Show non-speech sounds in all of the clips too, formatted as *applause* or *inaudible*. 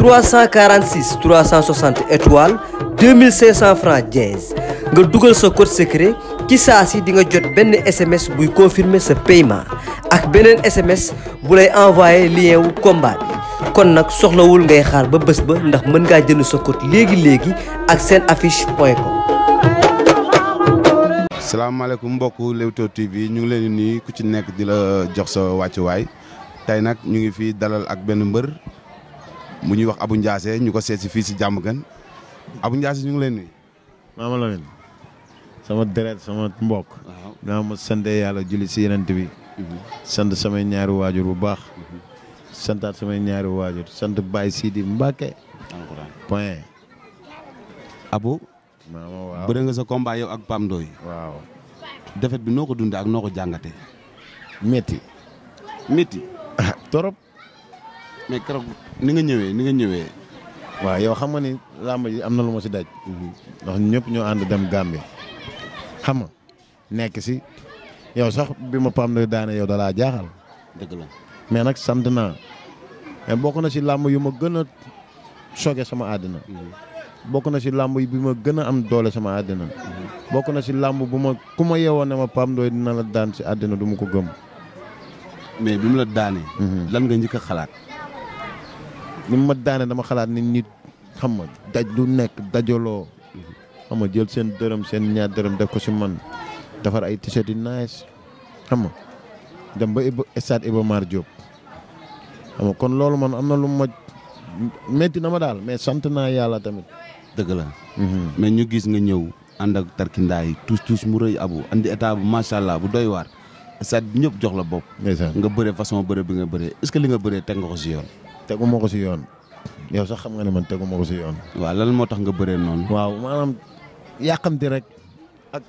346 360 étoiles 2500 francs dièse nga dugal sa code secret ci saa si di nga jot benn SMS buy confirmer sa paiement ak beneen SMS bu lay envoyé lien wu kon nag soxlawul ngay xaar ba bés ba ndax mën ngaa jënd sa code léegi léegi ak seen affiche point com. salaamaaleykum mbokku Leewtoo TV ñu ngi leen di nuyu ku ci nekk di la jox sa wàccuwaay tey nag ñu ngi fi dalal ak benn mbër. mu ñuy wax abu Ndiassé ñu ko seet si fii si jàmm gan Abou Ndiassé ñu ngi leen nuyu. Maama Lamine sama deret sama mbokk. waaw naa ma sant yàlla julli si yeneen bi. Mhm. sant samay ñaari waajur bu baax. Mhm. santaat samay ñaari waajur sant Baye Sidi Mbacke. point. Abou. maama waaw nga sa combat yow ak Pam Ndoye. defet bi noo ko dundee ak noo ko jàngatee. métti. *laughs* torop mais keroog ni nga ñëwee ni nga ñëwee. waaw yow xam nga ni làmb ji am na lu ma si daj. ndax ñëpp ñoo ànd dem Gambie. xam nga nekk si yow sax bi ma PAM doy daane yow da laa jaaxal. dëgg la mais nag sant naa. mais bokk na si làmb yu ma gën a soge sama àddina. Mm-hmm. bokk na si làmb bi ma gën a am doole sama àddina. Mm-hmm. bokk na si làmb bu ma ku ma yeewoon ne ma PAM doy dina la daan si àddina du ma ko gëm. mais bi mu la daanee. Mm-hmm. lan nga njëkk xalaat. ni ma daane dama xalaat ni nit xam nga daj lu nekk dajaloo xam nga jël seen dërëm seen ñaar dërëm def ko si man defar ay t-shirt xam nga dem ba Iba stade Iba Mar Diop xam nga kon loolu man am na lu ma metti na ma daal mais sant naa yàlla tamit. dëgg la. Mhm. mais ñu gis nga ñëw ànd ak tarkindaa yi tuus tuus mu rëy abu andi état bu macha allah bu doy waar stade bi ñëpp jox la bopp. nga bëre façon bëre bi nga bëre est-ce que li nga bëree teg nga ko si yoon. tegu ma ko si yoon yow sax xam nga ne man tegu ma ko si yoon. waa lan moo tax nga bëree noonu. waaw maanaam yàqamti rek ak.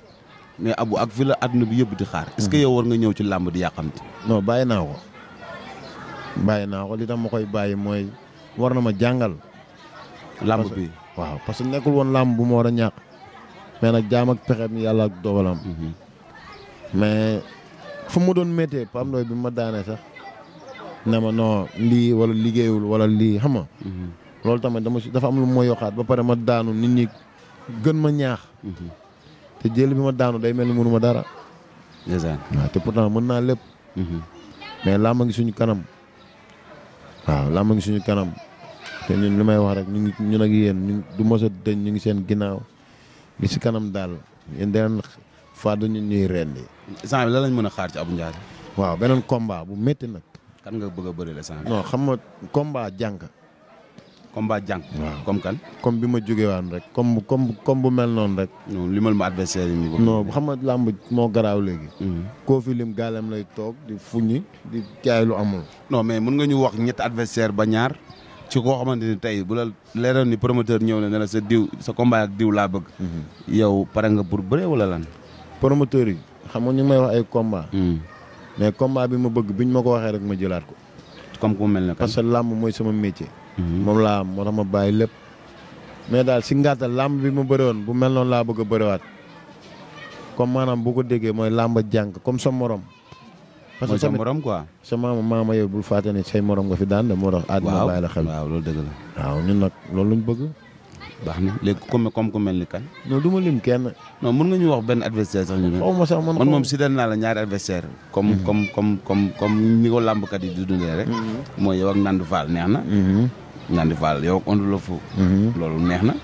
mais abu ak fi la àdduna bi yëpp di xaar. est-ce hmm. yow war nga ñëw ci làmb di yàqamti. non bàyyi naa ko bàyyi naa ko li tax ma koy bàyyi mooy war na ma jàngal. làmb bi waaw parce que nekkul woon làmb bu ma war a ñàkk. mais nag jaam ak pexeem yàlla ak dogalam. Mhm. mais fu mu doon méttee pam Ndoye bi mu ma daanee sax. ne ma non lii wala liggéeyul wala lii xam nga. Mhm. loolu tamit dama si dafa am lu ma yoxaat ba pare ma daanu nit ñi gën ma ñaax. Mhm. te jël bi ma daanu day mel ni mënuma dara. dèjà waaw te pourtant mën naa lépp. Mhm. mais làmb ngi suñu kanam. waaw làmb ngi suñu kanam te ñun li may wax rek ñu ngi ñun ak yéen ñu du mos a dëñ ñu ngi seen ginnaaw bi si kanam daal yéen daan fàddu ñun ñuy rendi. instant bi lan lañ mën a xaar ci Abou Ndiassé. waaw beneen combat bu métti nag. kan nga bëgg bëri la sànq. non xam nga combat jànk. combat jànk. waaw comme kan. comme bi ma jógee waan rek comme comme comme bu mel noonu rek. non limal ma adversaire yi ñu. non xam nga làmb moo garaaw léegi. Hmm. koo fi lim gaalem lay toog di fuñi di jaay lu amul. non mais mën nga ñu wax ñetti adversaire ba ñaar. ci koo xamante ni tey bu la leeroon ni promoteur ñëw la ne la sa diw sa combat ak diw laa bëgg. Hmm. yow pare nga pour bëri wala lan. promoteur yi xam nga ñu may wax ay combat. Hmm. mais combat bi ma bëgg bi ñu ma ko waxee rek ma jëlaat ko. comme ku mel ne parce que làmb mooy sama métier. Mhm. moom laa am moo tax ma bàyyi lépp. mais daal si ngàttal làmb bi ma bëri bu mel noon laa bëgg a bëriwaat comme maanaam bu ko déggee mooy làmb jànk comme sa morom. parce que sa morom quoi. sa maama maama yow bul fàtte ne say morom nga fi daan de moo tax. waaw waaw la xel waaw loolu dëgg la. waaw loolu lañ bëgg. baax na léegi comme comme ku mel ni kan. non du ma lim kenn. non mën nga ñu wax benn adversaire sax ñu. xaw ma sax man man moom si dal naa la ñaari adversaire comme mhm. comme comme comme comme ni ko làmbkat yi di dundee rek. Mhm. mooy yow ak Nandu Fall neex na. Mhm. Nandu Fall yow ak Onde la fu. loolu neex na.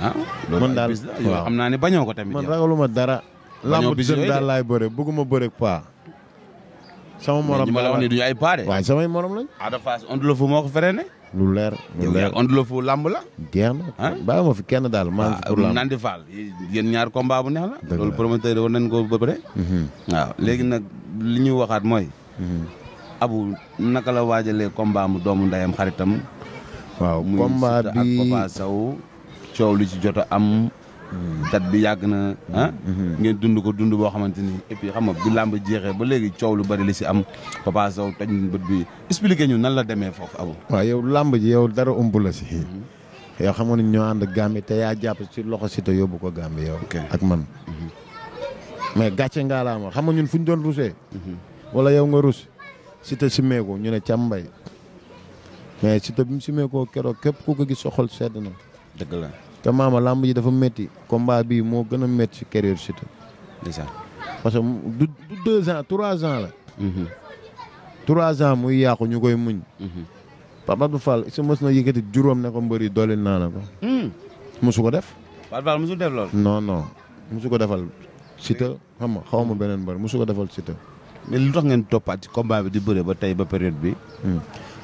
ah loolu daal bis la yow xam naa ne bañoo ko tamit. man ragaluma dara. bañoo bis yooyu de lamb daal laay bëre bëgguma bëre paa. sama morom la waaye samay morom moo ko freiné. lu leer lu leer fu làmb la. jeex na ah? bàyyi ma fi kenn daal maa ngi fi ah, pour làmb Nandi Fall yéen ñaar combat bu neex la. loolu promoteur war nañ ko ba pare. Mhm. waaw léegi nag li ñuy waxaat mooy. Mhm. abu naka la waajalee combat mu doomu ndeyam xaritam. waaw combat bi ak Papa Sow coow li ci jot a am. tat bi yàgg na ah mhm. ngeen dund ko dund boo xamante ni et xam nga bi làmb jeexee ba léegi coow lu bari li si am Papa Sow toj bët bi expliqué ñu nan la demee foofu abu waaw yow làmb ji yow dara ëmb la si mhm. yow xamoon ñoo ànd Gambie te yaa jàpp si loxo si te yóbbu ko Gambie yow ak man mhm. mais gàcce ngaa laa ma xam ñun fu ñu doon rusee wala yow nga rus si te simeeko ñu ne càmbay mais si bi mu simeekoo keroog képp ku ko gis soxol sedd na dëgg la te maama làmb ji dafa métti combat bii moo gën a métti si carrière Siteu. parce que du du deux ans trois ans la. Mm-hmm. trois ans muy yàqu ñu koy muñ. ba mm-hmm. Abdou Fall su mës na yëkkati juróom ne ko mbëri dooleel naa la ko. Mm. mosu ko def. Pape Fall mu su lool. non non mosu ko defal. Siteu xam nga xaw ma mm. beneen mu mosu ko defal Siteu. mais lu tax ngeen toppaat ci combat bi di bëre ba tey ba période bi. Mm.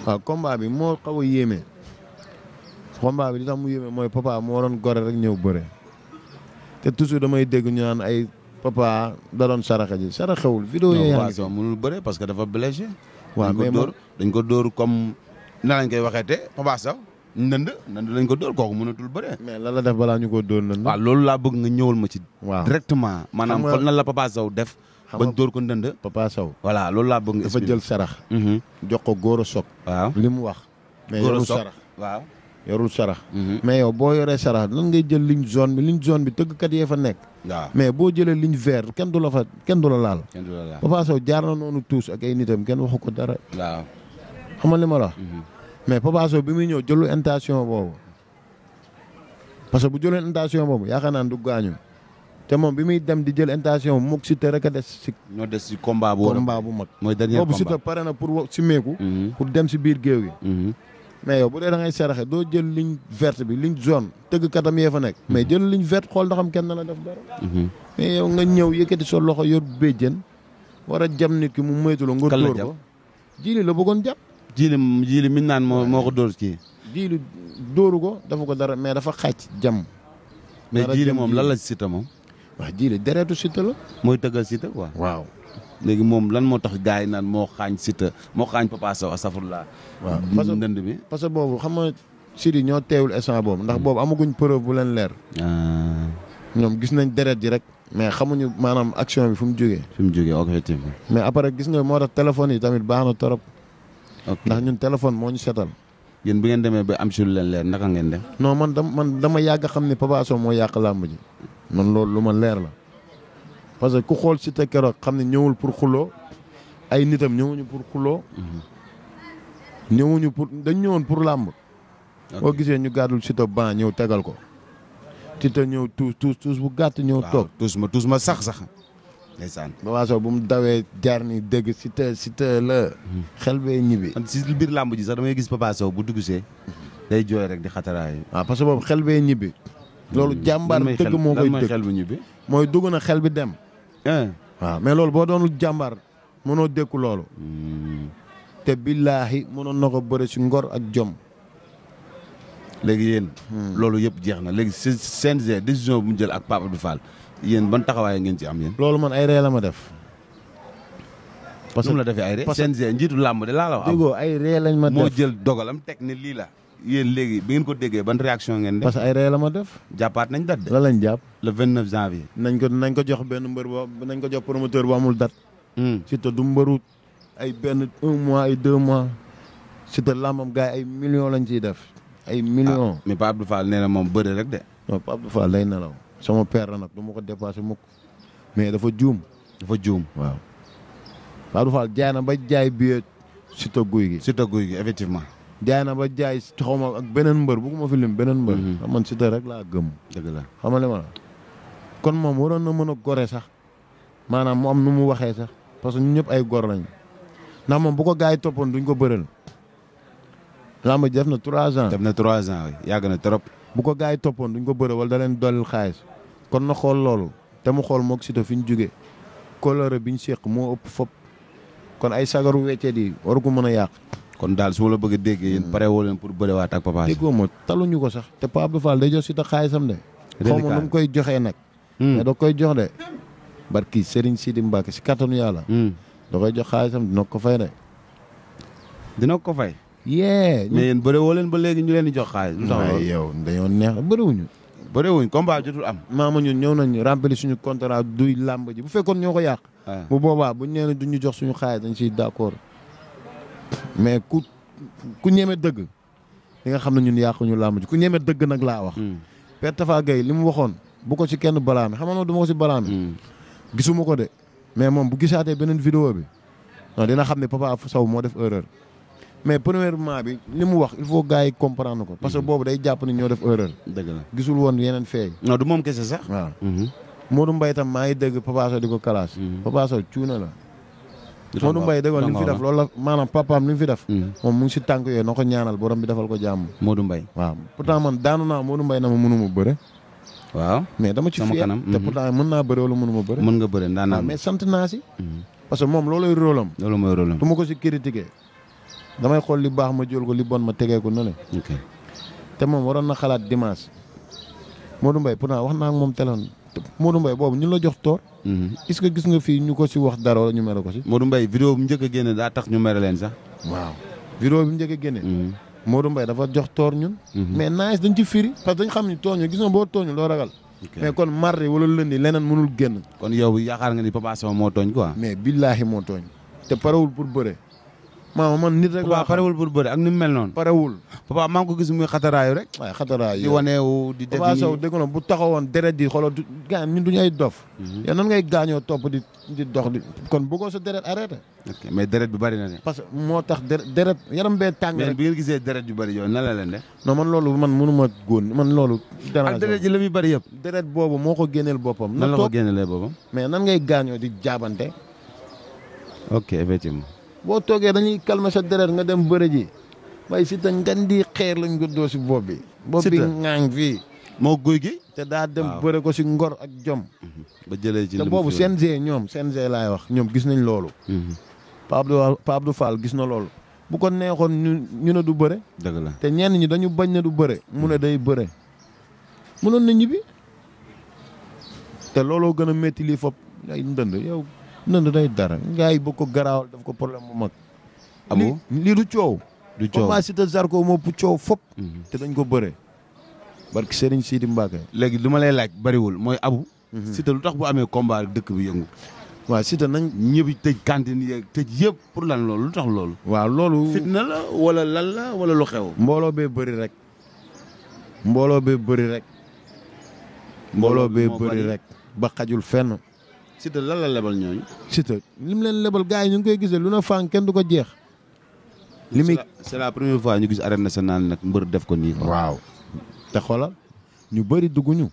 waaw combat bi moo xaw a yéeme. combat bi li tax mu me mooy papa moo waroon gore rek ñëw bëre te toujours damay dégg ñu naan ay papa da doon saraxa ji saraxewul. vidéo yaa ngi si mënul bëre parce que dafa blessé. waaw mais moom dañ ko dóor comme na lañ koy waxee te papa sax ndënd ndënd lañ ko dóor kooku mënatul bëre. mais lan la def balaa ñu ko door ndënd. waaw loolu laa bëgg nga ñëwal ma ci. waaw directement maanaam xool na la papa saw def. ba dóor ko ndënd. papa saw voilà loolu laa bëgg nga. dafa jël sarax. Mhm. jox ko góor a soog. waaw li mu wax. góor a mais yow sarax waaw. yorul sarax. Mhm. mais yow boo yoree sarax lan ngay jël liñ zone bi ligne zone bi kat yee fa nekk. waaw mais boo jëlee ligne vert kenn du la fa kenn du la laal. kenn du la laal jaar na noonu tuus ak ay nitam kenn waxu ko dara. waaw xam nga li ma la mhm. mais Papa bi muy ñëw jëlu intention boobu. parce que bu jëlee intention boobu yaakaar naa du gaañu. te moom bi muy dem di jël intention moom moog Siteu rek a des si. ñoo des si combat bu. combat bu mag mooy dernier combat boobu pare na pour wo simeeku. Mhm. pour dem si biir géew gi. mais yow bu dee da ngay saraxe doo jël ligne vert bi ligne jaune katam yee fa nekk. Mhm. mais jël liñ verte xool ndax kenn na la def dara. Mhm. mais yow nga ñëw yëkkati sa loxo yor béjjën war a jam nit ki mu moytu la. nga dóor ko jiili la bëggoon jàpp. jiili jiili mi naan moo moo ko dóor kii. jiili dóoru ko dafa ko dara mais dafa xàcc jam. mais jiili moom lan la Siteu moom. waaw jiili deretu Siteu la. mooy tëggal Siteu quoi waaw. léegi moom lan moo tax gars yi naan moo xaañ Siteu moo xaañ Papa Sow laa waaw mm-hmm. parce que ndënd bi parce que boobu xam nga Sidi ñoo teewul instant boobu ndax boobu amaguñ preuve bu leen leer. Ah. ñoom gis nañ deret ji rek. mais xamuñu maanaam action bi fu mu jógee. fu mu jógee effectivement. mais après gis nga moo tax téléphones yi tamit baax na torop. ndax ñun téléphone moo ñu setal. yéen bi ngeen demee bi am si lu leen leer naka ngeen def. non man dama man dama yàgg xam ni Papa moo yàq làmb ji. man loolu lu ma leer la. parce que ku xool Siteu keroog xam ne ñëwul pour xuloo ay nitam ñëwuñu pour xuloo mhm. ñëwuñu pour dañ ñëwoon pour làmb boo gisee ñu gàddul Siteu ban ñëw tegal ko Siteu ñëw tuus tuus tuus bu gàtt ñëw toog tuus ma tuus ma sax sax ndeysaan Papa Sow bu mu dawee jaar ni dégg Siteu Siteu la mhm. xel bee ñibbi si biir làmb ji sax damay gis Papa Sow bu duggsee day jooy rek di xataraay waaw parce que boobu xel bee ñibbi mhm. loolu jàmbaar dëgg moo koy dëgg mooy dugg na xel bi dem Eh. waaw mais loolu boo doonul jàmbaar mënoo dékku loolu. Hmm. te billaahi mënoon na ko bëre ci ngor ak jom. léegi yéen. Hmm. loolu yëpp jeex na léegi CNG décision bu mu jël ak Pape Abdou Fall yéen ban taxawaay ngeen ci am yéen. loolu man ay ree la ma def. parce que la defee ay ree. CNG làmb de laa la ay ree lañ ma def moo jël dogalam teg ne lii yéen léegi bi ngeen ko déggee ban réaction ngeen de parce que ay ree la def. jàppaat nañ date de. la lañ jàpp le 29 janvier. nañ ko nañ ko jox benn mbër boo nañ ko jox promoteur bu amul date. Hmm. surtout du mbëru ay benn un mois ay deux mois. surtout làmbam gars ay million lañ ciy def. ay millions ah, mais Pape Abdou Fall nee na moom bëri rek de. non Pape Abdou Fall lay nelaw sama père la nag du ma ko dépassé mukk mais dafa juum. dafa juum waaw. Pape Abdou Fall jaay na ba jaay bi surtout guy gi. surtout guy gi effectivement. jaay na ba jaay xaw ma ak beneen mbër bugguma fi lim beneen mbër. Mhm. man si te rek laa gëm. dëgg la xam nga ma kon moom waroon na mën a gore sax maanaam mu am nu mu waxee sax parce que ñëpp ay gor lañ ndax moom bu ko gars yi toppoon duñ ko bëral. làmb ji def na trois ans. def na trois ans yàgg na trop. bu ko gars yi toppoon duñ ko bëral wala da leen dolli xaalis kon na xool loolu te mu xool moog si te fi ñu jugee coloré bi ñu seq moo ëpp fop kon ay sagaru weccet yi waru ko mën a yàq. kon daal su ma la bëgg a déggee yéen hmm. pare woo leen pour bëriwaat ak papa déggoo ma ñu ko sax te Pape Abdou Fall day jox si ta xaalisam de xaw ma nu mu koy joxee nag hmm. mais koy jox de barki Serigne Sidi Mbacke si kattanu yàlla hmm. da koy jox xaalisam dina ko fay de ko fay yee mais yéen leen ba léegi ñu leen di jox xaalis lu tax neex bëriwuñu bëriwuñ combat jotul am maama ñun ñëw nañ rempli suñu contrat duy làmb ji bu fekkoon ñoo ko yàq ah. bu boobaa buñ nee duñu jox suñu xaalis dañ siy d'accord mais ku ku ñeme dëgg li nga xam ne ñun yàquñu làmb ji ku ñeme dëgg nag laa wax. Hmm. per Tafa Gueye li mu waxoon bu ko si kenn balaame xam nga du ma ko ci balaame. Hmm. gisuma ko de mais moom bu gisaatee beneen vidéo bi non dina xam ne Papa saw moo def erreur. mais premièrement bi li mu wax il faut gars yi comprendre ko. parce que hmm. boobu day jàpp ni ñoo def erreur. dëgg la gisul woon yeneen feey. non du moom kese sax. waaw Modou Mbaye tam maa ngi dégg Papa Sow di ko kalaas. Papa Sow cuuna la. Modou Mbaye déggoon li mu fi def loolu la maanaam papaam li mu fi def mm. moom mu ngi si tànk yooyu na ko ñaanal borom bi defal ko jàmm Modou Mbaye waaw pourtant man daanu naa Modou Mbaye na ma mënuma bëre waaw mais dama ci fier te mm-hmm. pourtant mën naa bëre wala mënuma bëre mën nga bëre daan naa ah, sant naa si mm-hmm. parce que moom loolay rôle am loolu mooy rôle am du ma ko si critiquer damay xool li baax ma jël ko li bon ma tegee ko na le te moom waroon na xalaat dimanche Modou Mbaye pourtant wax naa moom téléphone Modou mbay boobu ñu la jox toor mhm. est-ce gis nga fii ñu ko si wax dara wala ñu mere ko si Modou Mbaye vidéo bi njëkk a génne daa tax ñu mere leen sax waaw vidéo bi njëkk a génne mhm. Modou Mbaye dafa jox toor ñun mhm. mais naagis dañ ci firi parce que dañ xam ni tooñu gis nga boo tooñu loo ragal mais kon mardi wala lundi leneen mënul génn kon yow yaakaar nga ni Papa Sow moo tooñ quoi mais billaahi moo tooñ te parewul pour bëre maama man nit rek laa parewul pour bëri ak ni mu mel noonu parewul papa maa ngi ko gis muy xataraayu rek waaye xataraayu di waneewu di def papa Sow dégg na bu taxawoon deret di xooloo gaan ñun duñu ay dof mhm. yow nan ngay gaañoo topp di di dox di kon bëggoo sa deret arrêté mais deret bi bëri na ne parce que moo tax deret yaram bee tàng mais bi ngeen gisee deret yu bëri yow na la leen de non man loolu man mënu ma góon man loolu ak ah, deret ji la muy bëri yëpp deret boobu moo ko génneel boppam nan la ko génneelee boppam mais nan ngay gaañoo di jaabante ok boo toogee dañuy calmer sa deret nga dem bëre ji waaye si te ngan di xeer lañ ko doo si bopp bi. bopp bi ŋaañ fii. moo guy gi. te daa dem bëre ko si ngor ak jom. Mhm. jëlee ci te boobu CNG ñoom CNG laay wax ñoom gis nañ loolu. Mhm. Pape Abdou Fall gis na lool bu ko neexoon ñu ne du bëre. dëgg la te ñenn ñi dañu bañ ne du bëre mu a mhm. day bëre. mënoon na ñibbi. te looloo gën a métti lii fop ay ndënd yow. nënd day dara gars yi bëgg ko garaawal daf ko problème mu mag. amoo ah lii du coow. du coow combat Siteu Zarko moo pu coow fop mhm. te dañ ko bëre. barke Serigne Sidi Mbacke. léegi li ma lay laaj bariwul mooy abu. Mhm. sita lu tax bu amee combat dëkk bu yëngu. waa Siteu nañ ñëbi tëj kantin yeeg tëj yëpp pour lan loolu lu tax loolu. waa loolu. fitna la wala lan la wala lu xew. mbooloo bee bëri rek. mbooloo bee bëri rek. mbooloo bee bëri rek ba xajul fenn. Siteu lan la lebal ñooñu. Siteu lim leen lebal gars yi ñu ngi koy gisee lu na fànn kenn du ko jeex. li muy c'est la première fois ñu gis arène naan nag mbër def ko nii. waaw te xoolal ñu bëri dugguñu.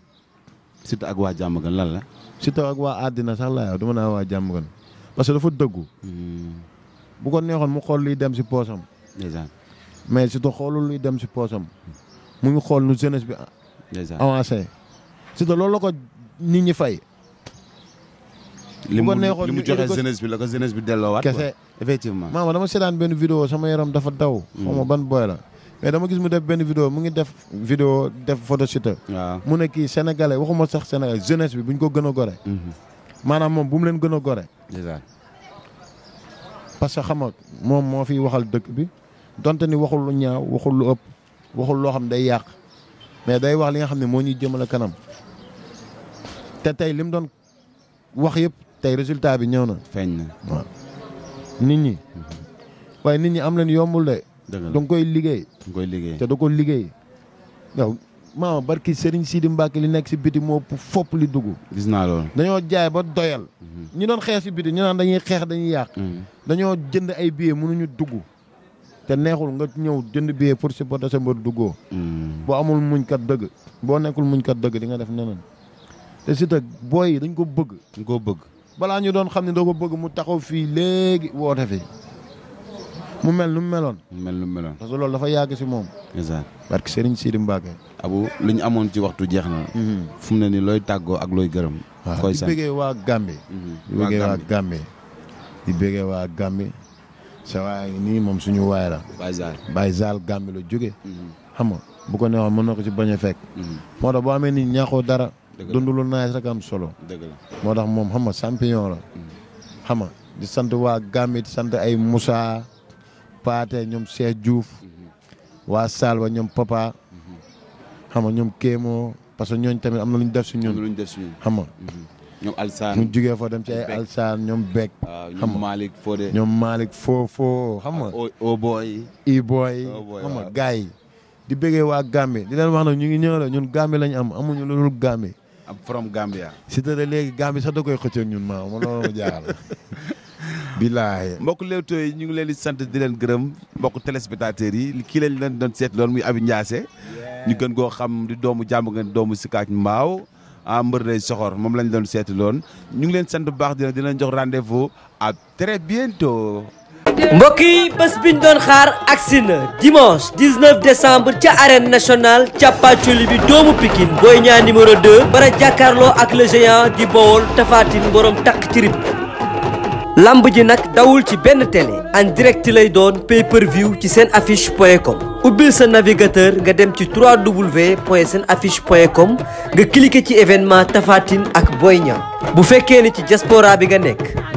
Siteu ak waa Jàmmagan lan la. Siteu ak waa àddina sax laa yow dama naa waa Jàmmagan parce que dafa dëggu. Hmm. bu ko neexoon mu xool luy dem si poosam. dèjà mais Siteu xoolul luy dem si poosam mu ngi xool nu jeunesse bi. dèjà avancé Siteu loolu la ko nit ñi fay. li mu li mu joxe jeunesse bi la ko jeunesse bi delloowaat. kese effectivement. maama dama seetaan benn vidéo sama yaram dafa daw. moom ma ban booy la. mais dama gis mu def benn vidéo mu ngi def. vidéo def photoshoot. waaw mu ne kii sénégalais waxuma sax sénégalais jeunesse bi bu ñu ko gën a gore. Hmm. maanaam moom bu mu leen gën a gore. parce que xam moom moo fiy waxal dëkk bi donte ni waxul lu ñaaw waxul lu ëpp waxul loo xam day yàq mais day wax li nga xam ne moo ñuy jëmale kanam te tey li mu doon wax yëpp. tey résultat bi ñëw na. feeñ na nit ñi. Mm-hmm. waaye nit ñi am leen yombul de. dëgg nga koy liggéey. da koy liggéey te da ko liggéey. yow maama barki Serigne Sidi Mbacke li nekk ci biti moo fopp li dugg. gis naa loolu. dañoo jaay ba doyal. Mm-hmm. ñu doon xeex si biti ñu naan dañuy xeex dañuy yàq. Mm-hmm. dañoo jënd ay billets mënuñu dugg. te neexul nga ñëw jënd billet pour supporter sa mbër duggoo. boo amul muñkat kat dëgg. boo nekkul muñkat dëgg di nga def neneen. te si te booy yi dañ ko bëgg. dañ koo bëgg. balaa ñu doon xam ne doo ko bëgg mu taxaw fii léegi woote fi mu mel nu mu meloon. mu mel lu meloon loolu dafa yàgg si moom. exact parce que Serigne Sidi Mbacke. abu li ñu amoon ci waxtu jeex na. Mhm. fu mu ne nii looy tàggoo ak looy gërëm. koy sant mhm. di bëggee waa Gambie. di bëggee waa Gambie. di bëggee waa Gambie. sa waay nii moom suñu waay la. Baye Zal Baye lu jóge. Mhm. xam nga bu ko neexoon mën na ko ci bañ a fekk. moo tax boo amee ni ñaaxoo dara. dund lu naaj rek am solo. dëgg moo tax moom xam nga champion la. Mm. xam di sant waa Gambie di sant ay Moussa Paate ñoom Cheikh Diouf. Mm-hmm. waa Salwa ñoom Papa. Mm-hmm. xam nga ñoom Kémo parce que ñooñ tamit am na lu ñu def si ñoom am lu ñu def si xam nga. Mm-hmm. ñoom Alsaan ñu foo dem ci ay Alsaan ñoom Bek. waaw ñoom Malick Fodé. ñoom Malick Fo Fo xam nga. O Boy. I yi. di bëggee waa Gambie di leen wax na ñu ngi ñëw ñun Gambie lañ am amuñu lu dul Gambie. am from Gambia. si de léegi Gambie sax da koy xëccoog ñun ma ma loolu ma jaaxal. *laughs* bilaay mbokk Leewtoo yi ñu ngi leen di sant di leen gërëm mbokk téléspectateurs yi kii lañ leen doon seet loolu muy Abi Ndiassé ñu gën koo xam di doomu jàmm ngeen doomu Sikaaj Mbaaw ah mbër lay soxor moom lañ doon seeti loon ñu ngi leen sant bu baax dina dinañ jox rendez-vous à très bientôt mbokk yi bés biñ doon xaar agsi na dimanche 19 décembre ca arène nationale càppaaculi bi doomu Pikine Boy Niang numéro 2 bara jàkkaarloo ak le géant du Bawol Tapha boroom takk ci lamb ji nag dawul ci benn télé en direct lay doon pay per ci seen affiche point com ubbil sa navigateur nga dem ci 3w point seen affiche point com nga cliqué ci événement Tapha ak Boy Niang bu fekkee ni ci diaspora bi nga nekk